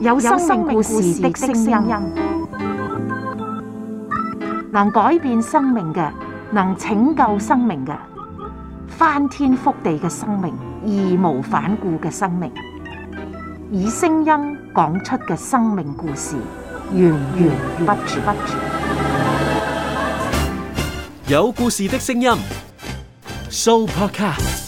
有生命故事的聲音，能改變生命嘅，能拯救生命嘅，翻天覆地嘅生命，義無反顧嘅生命，以聲音講出嘅生命故事，源源不絕。有故事的聲音，Soupercast。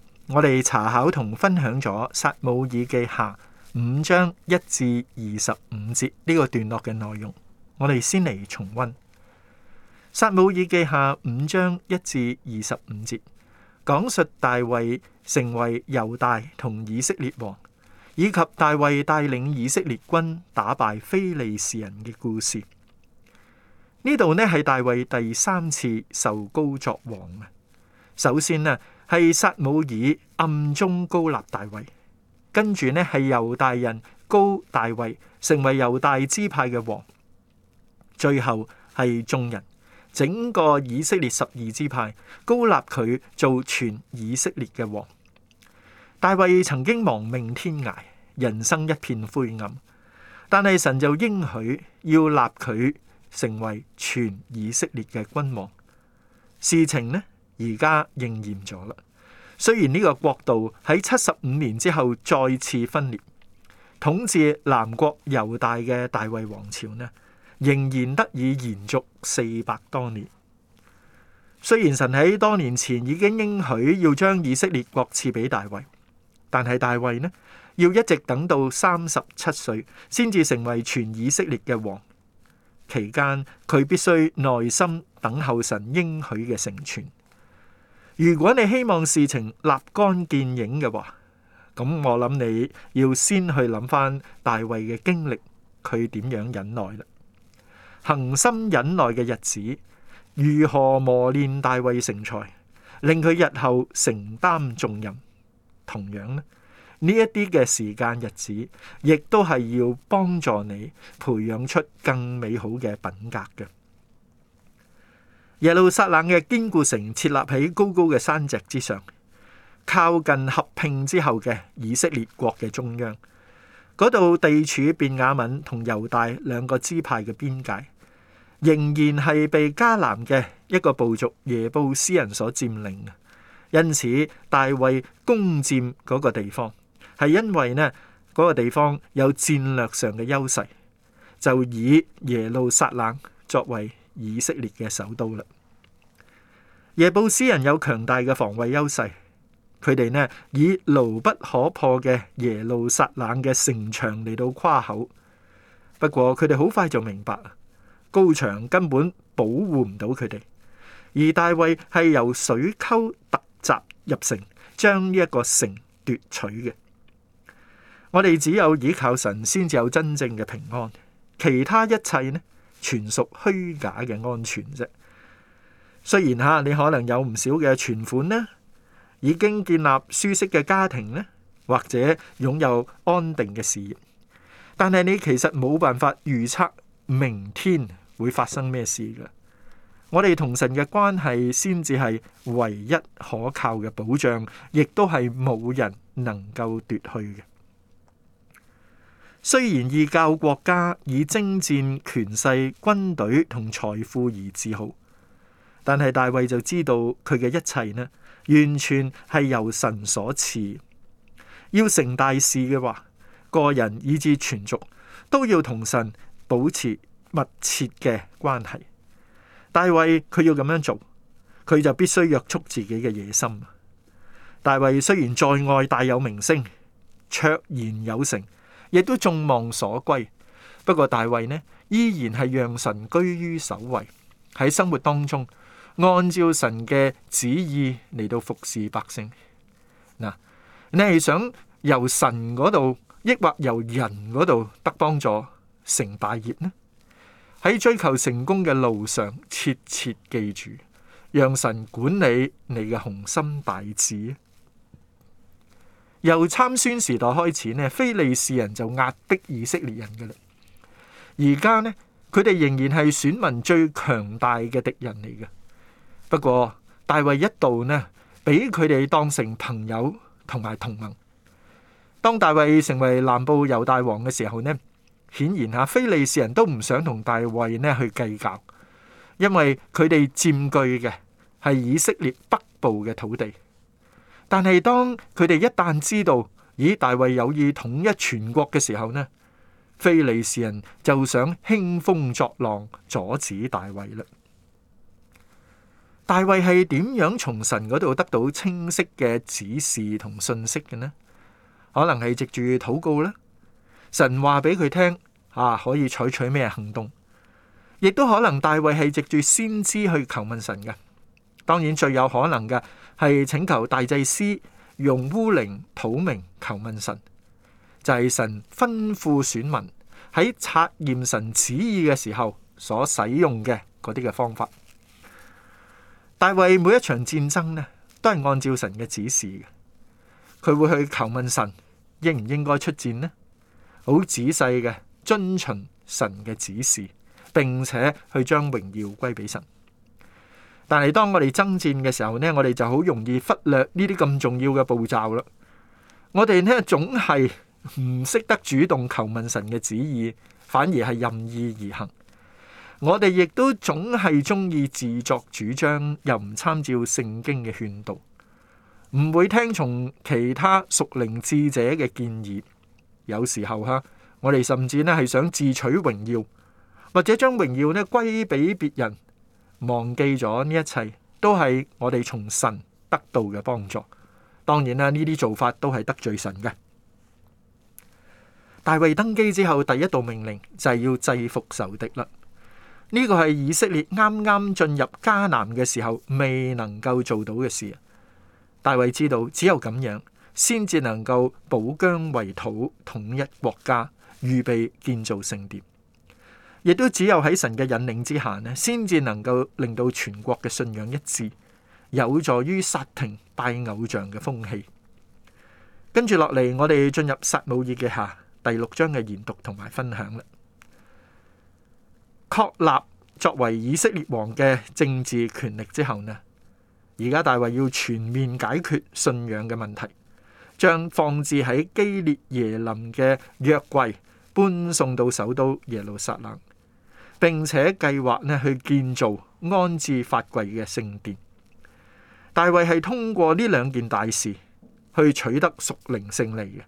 我哋查考同分享咗《撒母耳記下》五章一至二十五節呢個段落嘅內容，我哋先嚟重温《撒母耳記下》五章一至二十五節，講述大衛成為猶大同以色列王，以及大衛帶領以色列軍打敗非利士人嘅故事。呢度呢係大衛第三次受膏作王啊！首先啊。係撒母耳暗中高立大衛，跟住，呢係猶大人高大衛成為猶大支派嘅王，最後係眾人整個以色列十二支派高立佢做全以色列嘅王。大衛曾經亡命天涯，人生一片灰暗，但係神就應許要立佢成為全以色列嘅君王。事情呢，而家應驗咗啦。雖然呢個國度喺七十五年之後再次分裂，統治南國猶大嘅大衛王朝呢，仍然得以延續四百多年。雖然神喺多年前已經應許要將以色列國賜俾大衛，但係大衛呢，要一直等到三十七歲先至成為全以色列嘅王。期間，佢必須耐心等候神應許嘅成全。如果你希望事情立竿見影嘅話，咁我諗你要先去諗返大衛嘅經歷，佢點樣忍耐啦？恆心忍耐嘅日子，如何磨練大衛成才，令佢日後承擔重任？同樣呢一啲嘅時間日子，亦都係要幫助你培養出更美好嘅品格嘅。耶路撒冷嘅堅固城設立喺高高嘅山脊之上，靠近合併之後嘅以色列國嘅中央，嗰度地處便雅憫同猶大兩個支派嘅邊界，仍然係被迦南嘅一個部族耶布斯人所佔領。因此大衛攻佔嗰個地方，係因為呢嗰、那個地方有戰略上嘅優勢，就以耶路撒冷作為。以色列嘅首都啦，耶布斯人有強大嘅防衛優勢，佢哋呢，以牢不可破嘅耶路撒冷嘅城牆嚟到誇口。不過佢哋好快就明白，高牆根本保護唔到佢哋，而大衛係由水溝突襲入城，將呢一個城奪取嘅。我哋只有倚靠神，先至有真正嘅平安，其他一切呢，全屬虛假嘅安全啫。雖然吓你可能有唔少嘅存款呢，已經建立舒適嘅家庭呢，或者擁有安定嘅事業，但係你其實冇辦法預測明天會發生咩事噶。我哋同神嘅關係先至係唯一可靠嘅保障，亦都係冇人能夠奪去嘅。雖然異教國家以征戰權勢、軍隊同財富而自豪，但係大衛就知道佢嘅一切呢，完全係由神所賜。要成大事嘅話，個人以至全族都要同神保持密切嘅關係。大衛佢要咁樣做，佢就必須約束自己嘅野心。大衛雖然在外大有名聲，卓然有成。亦都眾望所歸，不過大衛呢，依然係讓神居於首位，喺生活當中按照神嘅旨意嚟到服侍百姓。嗱，你係想由神嗰度，抑或由人嗰度得幫助成大業呢？喺追求成功嘅路上，切切記住，讓神管理你嘅雄心大志。由參孫時代開始呢，非利士人就壓迫以色列人嘅啦。而家呢，佢哋仍然係選民最強大嘅敵人嚟嘅。不過大衛一度呢，俾佢哋當成朋友同埋同盟。當大衛成為南部猶大王嘅時候呢，顯然吓、啊、非利士人都唔想同大衛呢去計較，因為佢哋佔據嘅係以色列北部嘅土地。但係當佢哋一旦知道，咦，大衛有意統一全國嘅時候呢，非利士人就想興風作浪，阻止大衛啦。大衛係點樣從神嗰度得到清晰嘅指示同信息嘅呢？可能係藉住禱告啦，神話俾佢聽，吓、啊、可以採取咩行動，亦都可能大衛係藉住先知去求問神嘅。當然最有可能嘅。係請求大祭司用烏陵土明求問神，就係、是、神吩咐選民喺察驗神旨意嘅時候所使用嘅嗰啲嘅方法。大衛每一場戰爭呢，都係按照神嘅指示嘅，佢會去求問神應唔應該出戰呢？好仔細嘅遵循神嘅指示，並且去將榮耀歸俾神。但係當我哋爭戰嘅時候呢，我哋就好容易忽略呢啲咁重要嘅步驟啦。我哋呢總係唔識得主動求問神嘅旨意，反而係任意而行。我哋亦都總係中意自作主張，又唔參照聖經嘅勸導，唔會聽從其他屬靈智者嘅建議。有時候哈，我哋甚至呢係想自取榮耀，或者將榮耀呢歸俾別人。忘記咗呢一切，都係我哋從神得到嘅幫助。當然啦，呢啲做法都係得罪神嘅。大衛登基之後，第一道命令就係要制服仇敵啦。呢個係以色列啱啱進入迦南嘅時候未能夠做到嘅事。大衛知道，只有咁樣先至能夠保疆衛土，統一國家，預備建造聖殿。亦都只有喺神嘅引領之下呢，先至能夠令到全國嘅信仰一致，有助於煞停拜偶像嘅風氣。跟住落嚟，我哋進入撒母耳嘅下第六章嘅研讀同埋分享啦。確立作為以色列王嘅政治權力之後呢，而家大衛要全面解決信仰嘅問題，將放置喺基列耶林嘅約櫃搬送到首都耶路撒冷。並且計劃咧去建造安置法櫃嘅聖殿。大衛係通過呢兩件大事去取得屬靈勝利嘅，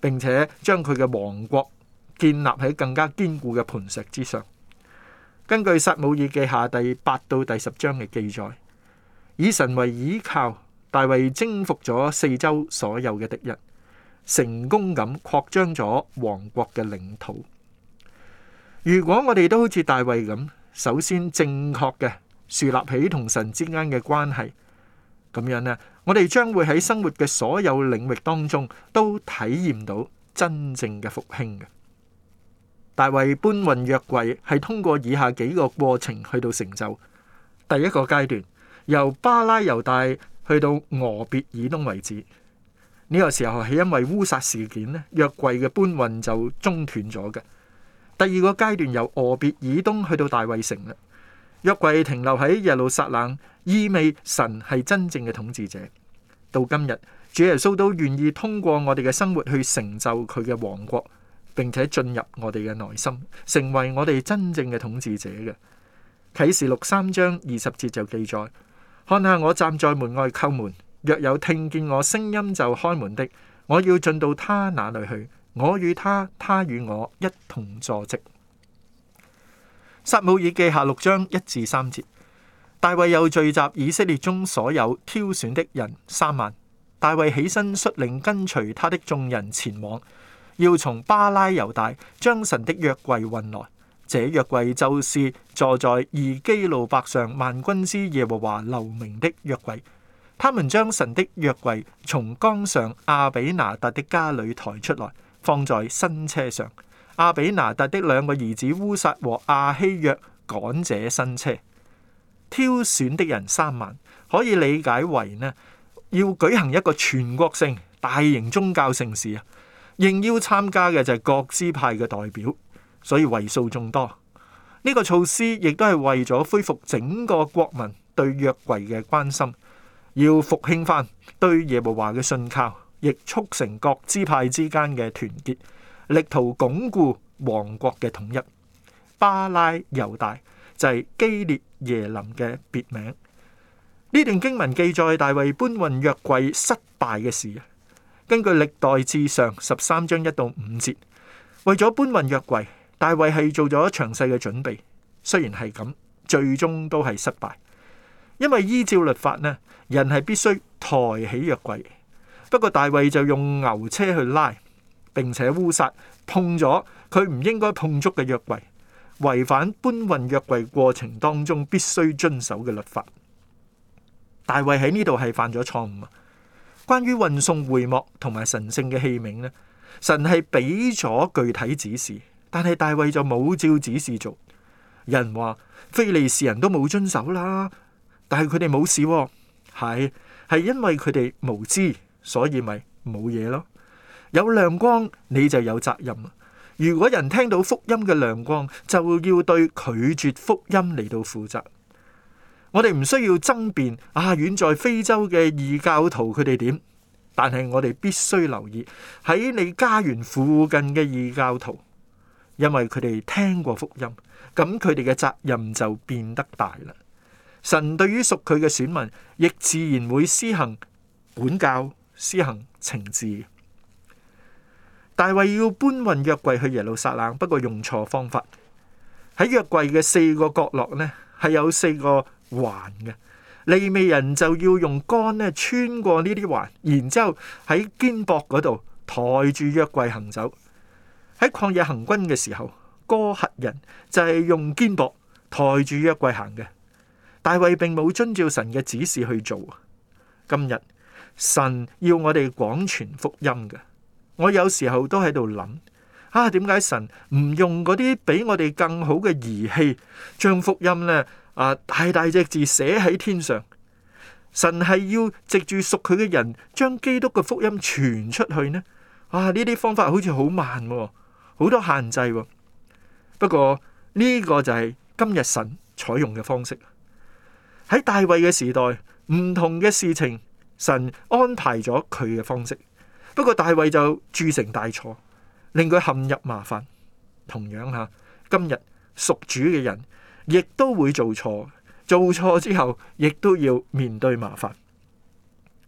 並且將佢嘅王國建立喺更加堅固嘅磐石之上。根據《撒母耳記下》第八到第十章嘅記載，以神為依靠，大衛征服咗四周所有嘅敵人，成功咁擴張咗王國嘅領土。如果我哋都好似大衛咁，首先正確嘅樹立起同神之間嘅關係，咁樣咧，我哋將會喺生活嘅所有領域當中都體驗到真正嘅復興嘅。大衛搬運約櫃係通過以下幾個過程去到成就。第一個階段，由巴拉猶大去到俄別以東為止，呢個時候係因為烏撒事件咧，約櫃嘅搬運就中斷咗嘅。第二個階段，由俄別以東去到大衛城啦，約櫃停留喺耶路撒冷，意味神係真正嘅統治者。到今日，主耶穌都願意通過我哋嘅生活去成就佢嘅王國，並且進入我哋嘅內心，成為我哋真正嘅統治者嘅。啟示錄三章二十節就記載：看下我站在門外叩門，若有聽見我聲音就開門的，我要進到他那裏去。我與他，他與我一同坐席。撒母耳記下六章一至三節，大衛又聚集以色列中所有挑選的人三萬，大衛起身率領跟隨他的眾人前往，要從巴拉猶大將神的約櫃運來。這約櫃就是坐在以基路伯上萬軍之耶和華留名的約櫃。他們將神的約櫃從江上亞比拿達的家裏抬出來。放在新車上。亞比拿達的兩個兒子烏撒和阿希約趕者新車，挑選的人三萬，可以理解為呢要舉行一個全國性大型宗教盛事啊！應邀參加嘅就係各支派嘅代表，所以為數眾多。呢、這個措施亦都係為咗恢復整個國民對約櫃嘅關心，要復興翻對耶和華嘅信靠。亦促成各支派之間嘅團結，力圖鞏固王國嘅統一。巴拉猶大就係基列耶林嘅別名。呢段經文記載大衛搬運約櫃失敗嘅事。根據歷代志上十三章一到五節，為咗搬運約櫃，大衛係做咗詳細嘅準備。雖然係咁，最終都係失敗，因為依照律法呢，人係必須抬起約櫃。不過大衛就用牛車去拉，並且烏撒碰咗佢唔應該碰觸嘅約櫃，違反搬運約櫃過程當中必須遵守嘅律法。大衛喺呢度係犯咗錯誤啊。關於運送會幕同埋神聖嘅器皿咧，神係俾咗具體指示，但係大衛就冇照指示做。有人話非利士人都冇遵守啦，但係佢哋冇事喎，哦，係係因為佢哋無知。所以咪冇嘢咯。有亮光，你就有責任。如果人聽到福音嘅亮光，就要對拒絕福音嚟到負責。我哋唔需要爭辯啊，遠在非洲嘅異教徒佢哋點，但係我哋必須留意喺你家園附近嘅異教徒，因為佢哋聽過福音，咁佢哋嘅責任就變得大啦。神對於屬佢嘅選民，亦自然會施行管教。施行懲治，大衛要搬運約櫃去耶路撒冷，不過用錯方法。喺約櫃嘅四個角落呢，係有四個環嘅，利未人就要用竿咧穿過呢啲環，然之後喺肩膊嗰度抬住約櫃行走。喺曠野行軍嘅時候，哥轄人就係用肩膊抬住約櫃行嘅。大衛並冇遵照神嘅指示去做。今日。神要我哋廣傳福音嘅，我有時候都喺度諗啊，點解神唔用嗰啲比我哋更好嘅儀器將福音咧啊，大大隻字寫喺天上？神係要藉住屬佢嘅人將基督嘅福音傳出去呢？啊，呢啲方法好似好慢喎，好多限制喎。不過呢個就係今日神採用嘅方式。喺大衛嘅時代，唔同嘅事情。神安排咗佢嘅方式，不過大衛就鑄成大錯，令佢陷入麻煩。同樣吓，今日屬主嘅人亦都會做錯，做錯之後亦都要面對麻煩。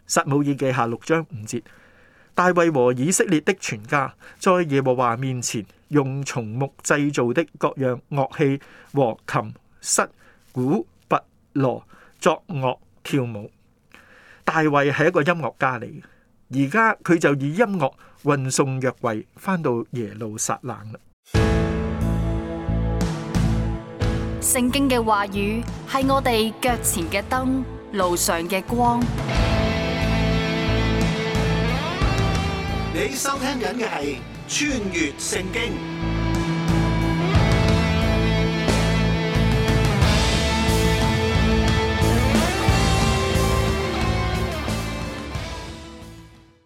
撒母耳記下六章五節，大衛和以色列的全家在耶和華面前用松木製造的各樣樂器和琴、瑟、鼓、拔、鑼作樂跳舞。大衛係一個音樂家嚟嘅，而家佢就以音樂運送約櫃翻到耶路撒冷啦。聖經嘅話語係我哋腳前嘅燈，路上嘅光。你收聽緊嘅係《穿越聖經》。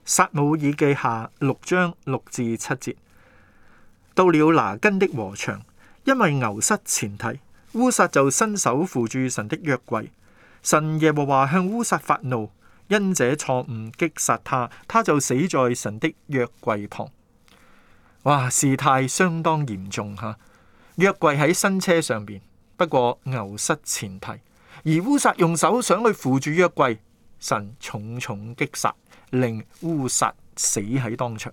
撒母耳記下六章六至七節，到了拿根的禾場，因為牛失前蹄，烏薩就伸手扶住神的約櫃，神耶和華向烏薩發怒，因這錯誤擊殺他，他就死在神的約櫃旁。哇，事態相當嚴重吓，約櫃喺新車上邊，不過牛失前蹄，而烏薩用手想去扶住約櫃，神重重擊殺。令烏撒死喺當場。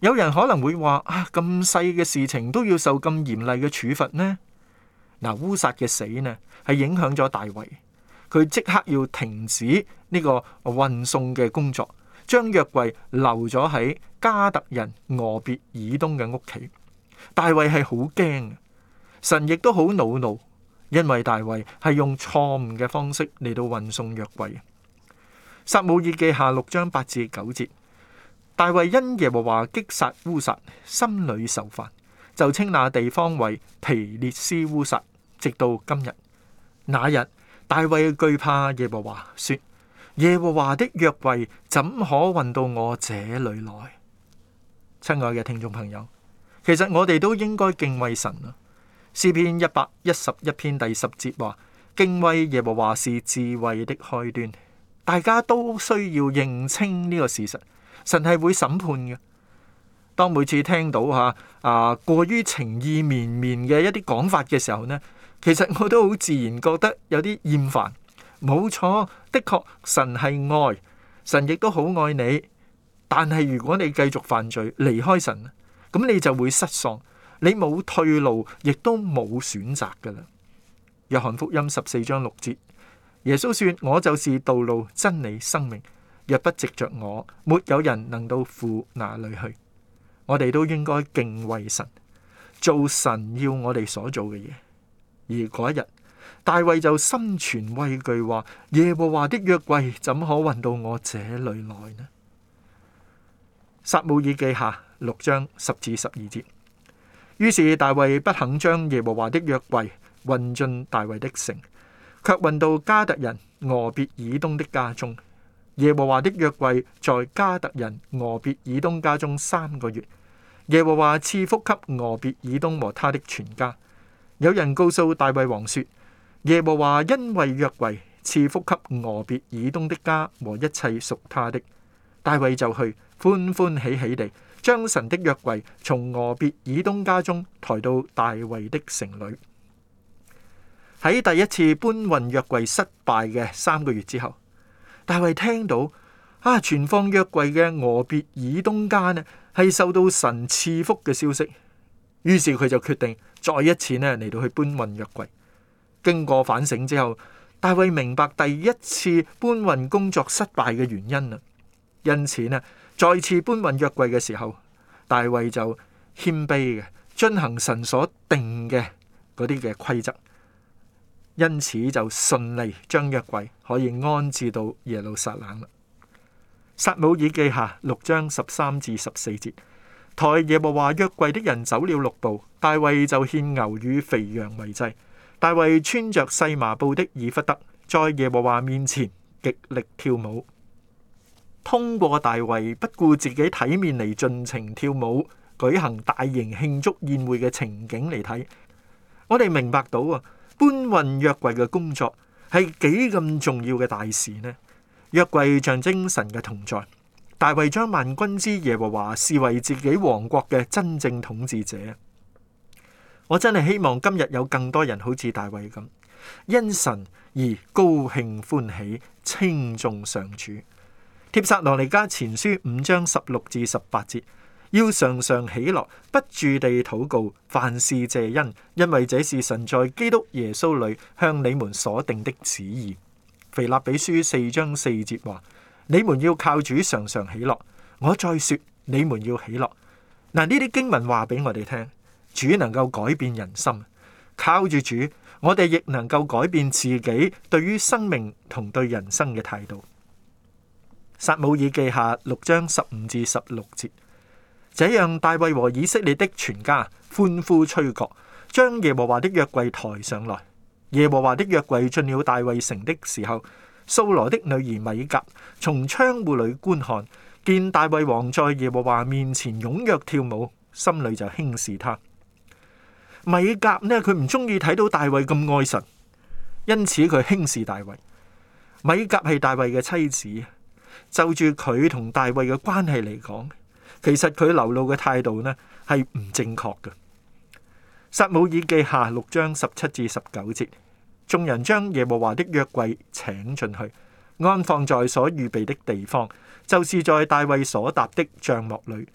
有人可能會話：啊，咁細嘅事情都要受咁嚴厲嘅處罰呢？嗱、呃，烏撒嘅死呢，係影響咗大衛，佢即刻要停止呢個運送嘅工作，將約櫃留咗喺加特人俄別以東嘅屋企。大衛係好驚，神亦都好惱怒，因為大衛係用錯誤嘅方式嚟到運送約櫃。撒母耳記下六章八至九節，大衛因耶和華擊殺烏撒，心裏受煩，就稱那地方為皮列斯烏撒，直到今日。那日大衛懼怕耶和華，說：耶和華的約櫃怎可運到我這裏來？親愛嘅聽眾朋友，其實我哋都應該敬畏神啊。詩篇一百一十一篇第十節話：敬畏耶和華是智慧的開端。大家都需要認清呢個事實，神係會審判嘅。當每次聽到吓啊過於情意綿綿嘅一啲講法嘅時候呢，其實我都好自然覺得有啲厭煩。冇錯，的確神係愛，神亦都好愛你。但係如果你繼續犯罪，離開神，咁你就會失喪，你冇退路，亦都冇選擇㗎喇。約翰福音十四章六節。耶穌說：我就是道路、真理、生命，若不藉着我，沒有人能到父那裏去。我哋都應該敬畏神，做神要我哋所做嘅嘢。而嗰一日，大衛就心存畏懼，話耶和華的約櫃怎可運到我這裏來呢？撒母耳記下六章十至十二節。於是大衛不肯將耶和華的約櫃運進大衛的城。卻運到加特人俄別以東的家中，耶和華的約櫃在加特人俄別以東家中三個月，耶和華賜福給俄別以東和他的全家。有人告訴大衛王說：耶和華因為約櫃賜福給俄別以東的家和一切屬他的，大衛就去歡歡喜喜地將神的約櫃從俄別以東家中抬到大衛的城裏。喺第一次搬運約櫃失敗嘅三個月之後，大衛聽到啊存放約櫃嘅俄別以東家呢係受到神賜福嘅消息，於是佢就決定再一次呢嚟到去搬運約櫃。經過反省之後，大衛明白第一次搬運工作失敗嘅原因啦，因此呢再次搬運約櫃嘅時候，大衛就謙卑嘅遵行神所定嘅嗰啲嘅規則。因此就順利將約櫃可以安置到耶路撒冷啦。撒母耳記下六章十三至十四節，抬耶和華約櫃的人走了六步，大衛就獻牛與肥羊為祭。大衛穿着細麻布的以弗得，在耶和華面前極力跳舞。通過大衛不顧自己體面嚟盡情跳舞，舉行大型慶祝宴會嘅情景嚟睇，我哋明白到啊。搬運約櫃嘅工作係幾咁重要嘅大事呢？約櫃象徵神嘅同在，大衛將萬軍之耶和華視為自己王國嘅真正統治者。我真係希望今日有更多人好似大衛咁因神而高興歡喜，輕重上柱。帖撒羅尼加前書五章十六至十八節。要常常喜樂，不住地禱告，凡事謝恩，因為這是神在基督耶穌裏向你們所定的旨意。腓立比書四章四節話：你們要靠主常常喜樂。我再說，你們要喜樂。嗱，呢啲經文話俾我哋聽，主能夠改變人心，靠住主，我哋亦能夠改變自己對於生命同對人生嘅態度。撒母耳記下六章十五至十六節。這樣大衛和以色列的全家歡呼吹角，將耶和華的約櫃抬上來。耶和華的約櫃進了大衛城的時候，掃羅的女兒米甲從窗戶裏觀看，見大衛王在耶和華面前踴躍跳舞，心裏就輕視他。米甲呢，佢唔中意睇到大衛咁愛神，因此佢輕視大衛。米甲係大衛嘅妻子，就住佢同大衛嘅關係嚟講。其實佢流露嘅態度呢，係唔正確嘅。撒母耳記下六章十七至十九節，眾人將耶和華的約櫃請進去，安放在所預備的地方，就是在大衛所搭的帳幕裏。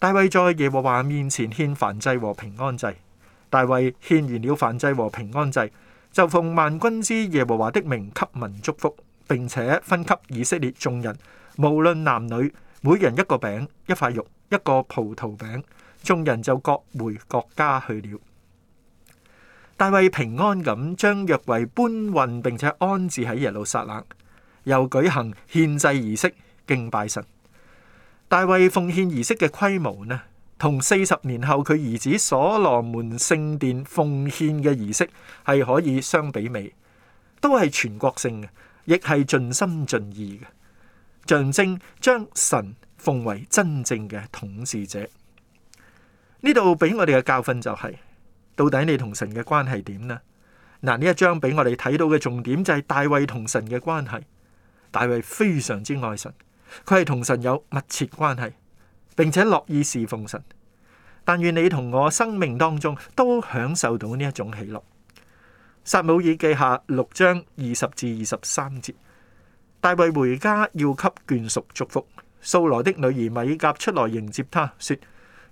大衛在耶和華面前獻燔祭和平安祭，大衛獻完了燔祭和平安祭，就奉萬軍之耶和華的名給民祝福，並且分給以色列眾人，無論男女。每人一個餅，一塊肉，一個葡萄餅，眾人就各回各家去了。大衛平安咁將約櫃搬運，並且安置喺耶路撒冷，又舉行獻祭儀式敬拜神。大衛奉獻儀式嘅規模呢，同四十年後佢兒子所羅門聖殿奉獻嘅儀式係可以相比美，都係全國性嘅，亦係盡心盡意嘅。象徵將神奉為真正嘅統治者。呢度俾我哋嘅教訓就係，到底你同神嘅關係點呢？嗱，呢一章俾我哋睇到嘅重點就係大衛同神嘅關係。大衛非常之愛神，佢係同神有密切關係，並且樂意侍奉神。但願你同我生命當中都享受到呢一種喜樂。撒母耳記下六章二十至二十三節。大衛回家要給眷屬祝福，素羅的女兒米甲出來迎接他，說：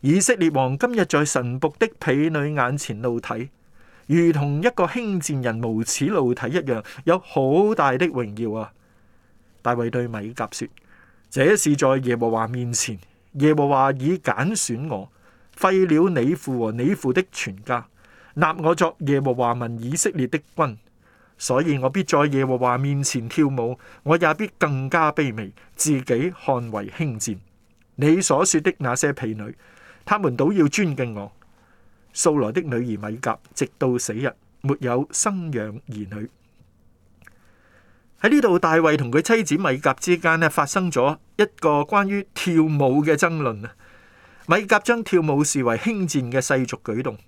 以色列王今日在神僕的婢女眼前露體，如同一個輕賤人無恥露體一樣，有好大的榮耀啊！大衛對米甲說：這是在耶和華面前，耶和華已揀選我，廢了你父和你父的全家，立我作耶和華民以色列的君。所以我必在耶和華面前跳舞，我也必更加卑微，自己看為輕賤。你所說的那些婢女，他們都要尊敬我。掃羅的女兒米甲，直到死日，沒有生養兒女。喺呢度，大衛同佢妻子米甲之間咧，發生咗一個關於跳舞嘅爭論。米甲將跳舞視為輕賤嘅世俗舉動。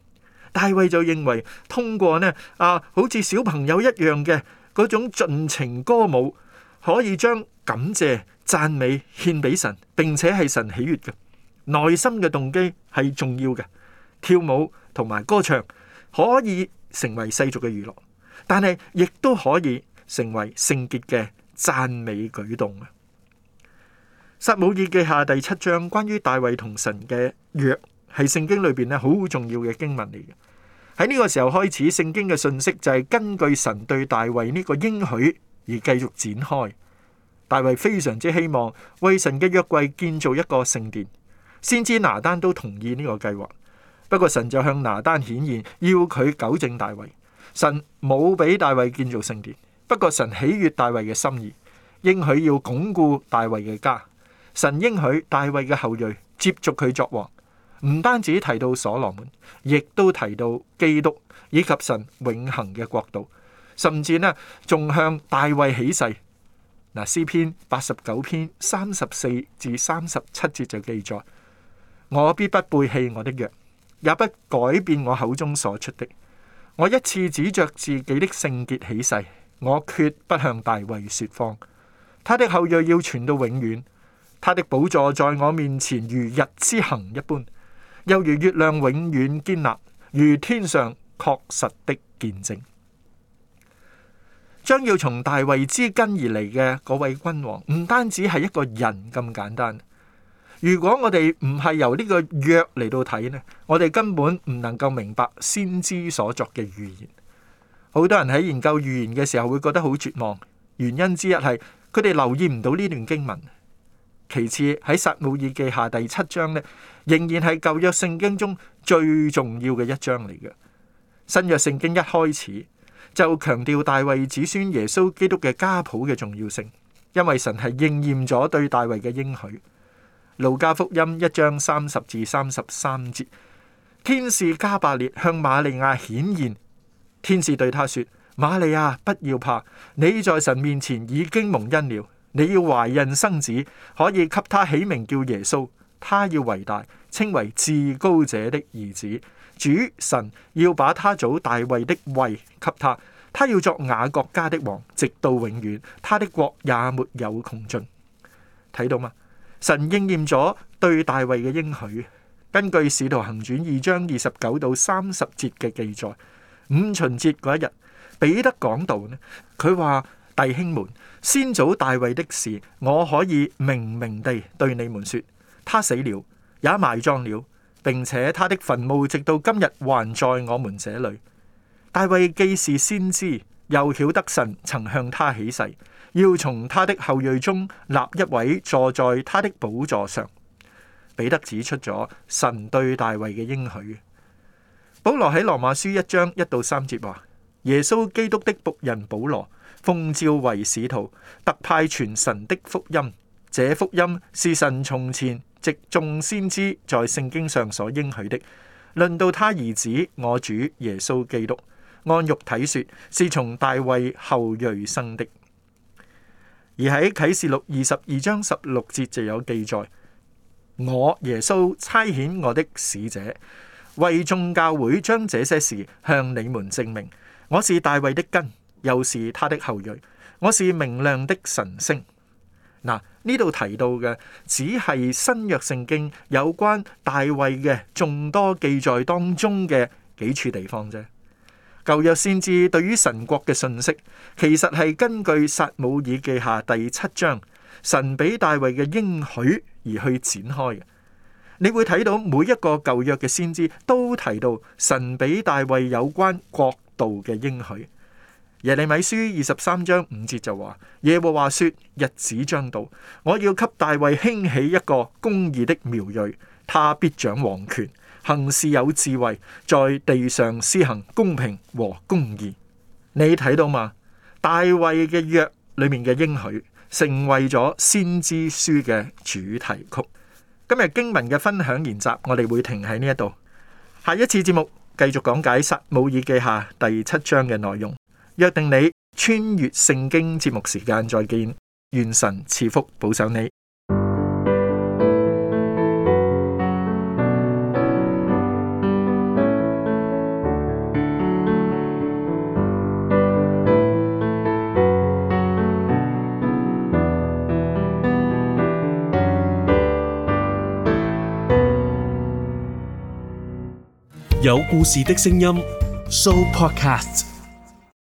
大衛就認為，通過呢啊，好似小朋友一樣嘅嗰種盡情歌舞，可以將感謝、讚美獻俾神，並且係神喜悅嘅。內心嘅動機係重要嘅。跳舞同埋歌唱可以成為世俗嘅娛樂，但係亦都可以成為聖潔嘅讚美舉動啊！撒母耳記下第七章關於大衛同神嘅約。係聖經裏邊咧，好重要嘅經文嚟嘅。喺呢個時候開始，聖經嘅信息就係根據神對大衛呢個應許而繼續展開。大衛非常之希望為神嘅約櫃建造一個聖殿，先知拿單都同意呢個計劃。不過神就向拿單顯現，要佢糾正大衛。神冇俾大衛建造聖殿，不過神喜悦大衛嘅心意，應許要鞏固大衛嘅家。神應許大衛嘅後裔接續佢作王。唔單止提到所羅門，亦都提到基督以及神永恒嘅國度，甚至呢仲向大衛起誓。嗱，詩篇八十九篇三十四至三十七節就記載：我必不背棄我的約，也不改變我口中所出的。我一次指着自己的聖潔起誓，我決不向大衛說謊。他的後裔要傳到永遠，他的寶座在我面前如日之行一般。又如月亮永遠堅立，如天上確實的見證，將要從大衛之根而嚟嘅嗰位君王，唔單止係一個人咁簡單。如果我哋唔係由呢個約嚟到睇呢，我哋根本唔能夠明白先知所作嘅預言。好多人喺研究預言嘅時候會覺得好絕望，原因之一係佢哋留意唔到呢段經文。其次喺撒母耳記下第七章呢，仍然係舊約聖經中最重要嘅一章嚟嘅。新約聖經一開始就強調大衛子孫耶穌基督嘅家譜嘅重要性，因為神係應驗咗對大衛嘅應許。路加福音一章三十至三十三節，天使加百列向瑪利亞顯現，天使對他說：瑪利亞，不要怕，你在神面前已經蒙恩了。你要懷孕生子，可以給他起名叫耶穌。他要偉大，稱為至高者的兒子。主神要把他祖大衛的位給他，他要作雅各家的王，直到永遠。他的國也沒有窮盡。睇到嗎？神應驗咗對大衛嘅應許。根據《使徒行傳》二章二十九到三十節嘅記載，五旬節嗰一日，彼得講道呢，佢話弟兄們。先祖大衛的事，我可以明明地對你們說，他死了，也埋葬了，並且他的墳墓直到今日還在我們這裏。大衛既是先知，又曉得神曾向他起誓，要從他的後裔中立一位坐在他的寶座上。彼得指出咗神對大衛嘅應許。保羅喺羅馬書一章一到三節話：耶穌基督的僕人保羅。奉召為使徒，特派傳神的福音。這福音是神從前藉眾先知在聖經上所應許的。論到他兒子我主耶穌基督，按肉體說是從大衛後裔生的。而喺啟示錄二十二章十六節就有記載：我耶穌差遣我的使者為眾教會將這些事向你們證明，我是大衛的根。又是他的後裔，我是明亮的神星。嗱，呢度提到嘅只係新約聖經有關大衛嘅眾多記載當中嘅幾處地方啫。舊約先知對於神國嘅信息，其實係根據撒母耳記下第七章神俾大衛嘅應許而去展開嘅。你會睇到每一個舊約嘅先知都提到神俾大衛有關國度嘅應許。耶利米書二十三章五節就話：耶和華說，日子將到，我要給大衛興起一個公義的苗裔，他必掌王權，行事有智慧，在地上施行公平和公義。你睇到嘛？大衛嘅約裏面嘅應許，成為咗先知書嘅主題曲。今日經文嘅分享研習，我哋會停喺呢一度。下一次節目繼續講解撒母耳記下第七章嘅內容。約定你穿越聖經節目時間再見，願神賜福保守你。有故事的聲音，Show Podcast。